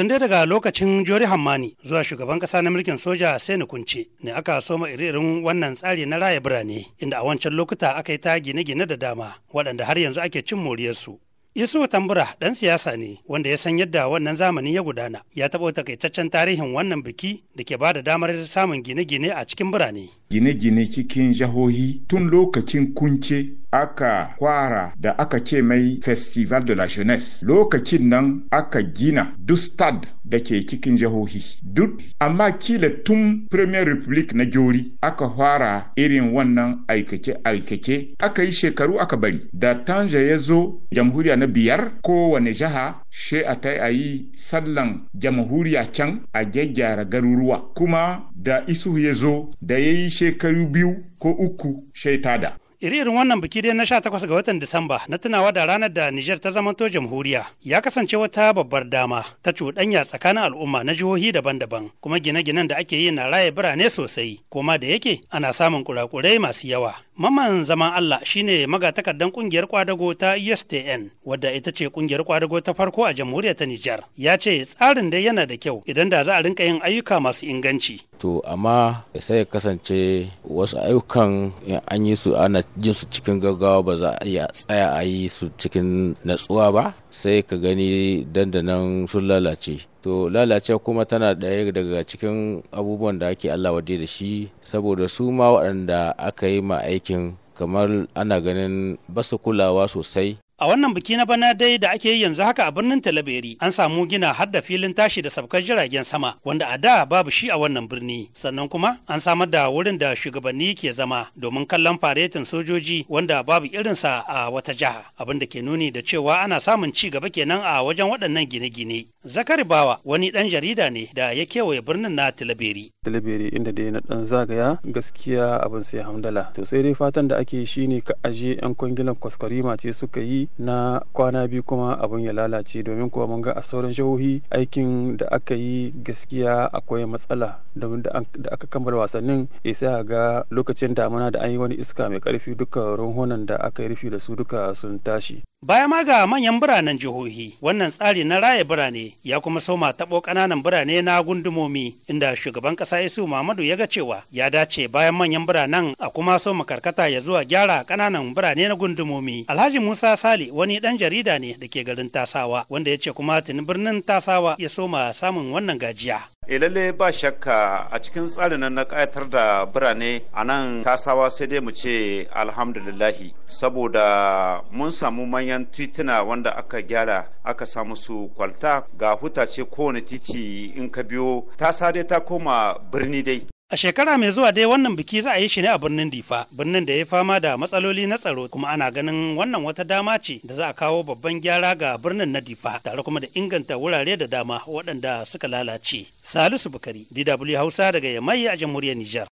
tun dai daga lokacin jori hammani zuwa shugaban kasa na mulkin soja sai ni kunce ne aka soma iri-irin wannan tsari na raya birane inda a wancan lokuta aka yi ta gine-gine da dama waɗanda har yanzu ake cin moriyarsu Yusufu Tambura dan siyasa ne wanda ya san yadda wannan zamanin ya gudana ya taɓa takaitaccen tarihin wannan biki da ke bada damar samun gine-gine a cikin birane. Gine-gine cikin jahohi tun lokacin kunce aka kwara da aka ce mai Festival de la Jeunesse lokacin nan aka gina duk stade da ke cikin jahohi duk amma kila tun Premier Republic na Jori aka fara irin wannan aikace-aikace aka yi shekaru aka bari da Tanja ya zo jamhuriya na biyar kowane jiha she a ta yi sallan jamhuriya can a gyaggyara garuruwa kuma da isu ya zo da ya yi shekaru biyu ko uku shaitada. Iri-irin wannan biki dai na 18 ga watan Disamba na tunawa da ranar da Nijar ta zamanto jamhuriya ya kasance wata babbar dama ta cuɗanya tsakanin al'umma na jihohi daban-daban kuma gine-ginen da ake yi na raye birane sosai koma da yake ana samun kurakurai masu yawa Maman zaman Allah shine magatakardan kungiyar kwadago ta USTN e wadda ita ce kungiyar kwadago ta farko a jamhuriyar ta Nijar. Ya ce tsarin dai yana da kyau idan da za a rinka yin ayyuka masu inganci. To amma sai ya kasance wasu ayyukan an yi su ana jin su cikin gaggawa ba za a iya tsaya a yi su cikin natsuwa ba sai ka gani dandanan sun lalace. to lalace kuma tana ɗaya daga cikin abubuwan da ake Allah waje da shi saboda su ma waɗanda aka yi ma aikin kamar ana ganin basu kulawa sosai A wannan biki na bana dai da ake yi yanzu haka a birnin Talaberi an samu gina har da filin tashi da sabkar jiragen sama wanda a da babu shi a wannan birni. Sannan kuma an samar da wurin da shugabanni ke zama domin kallon faretin sojoji wanda babu irinsa a wata jiha. Abin da ke nuni da cewa ana samun ci gaba kenan a wajen waɗannan gine-gine. Zakari Bawa wani ɗan jarida ne da ya kewaye birnin na Talaberi. Talaberi inda dai na ɗan zagaya gaskiya abin sai hamdala. To sai dai fatan da ake shine ka aje 'yan kwangilan kwaskwarima ce suka yi na kwana biyu kuma abun ya lalace domin kuwa mun ga a sauran jihohi aikin da aka yi gaskiya akwai matsala domin da aka kammala wasannin ya eh, ga lokacin damuna da an yi wani iska mai karfi duka runhunan da aka yi rufi da su duka sun tashi baya ma ga manyan biranen jihohi wannan tsari na raya birane ya kuma soma tabo kananan birane na gundumomi inda shugaban kasa isu muhammadu ya ga cewa ya dace bayan manyan biranen a kuma soma karkata ya zuwa gyara kananan birane na gundumomi alhaji musa sali Sali wani ɗan jarida ne da ke garin Tasawa wanda ya ce kuma tuni birnin Tasawa ya soma samun wannan gajiya. E lalle ba shakka a cikin tsarin na ƙayatar da birane a nan Tasawa sai dai mu ce alhamdulillahi saboda mun samu manyan tituna wanda aka gyara aka samu su kwalta ga hutace kowane titi in ka biyo Tasa dai ta koma birni dai. A shekara mai zuwa dai wannan biki za a yi shi ne a birnin Difa, birnin da ya fama da matsaloli na tsaro kuma ana ganin wannan wata dama ce da za a kawo babban gyara ga birnin na Difa tare kuma da inganta wurare da dama waɗanda suka lalace. Salisu Bukari, DW Hausa daga Yamayi a jamhuriyar Nijar.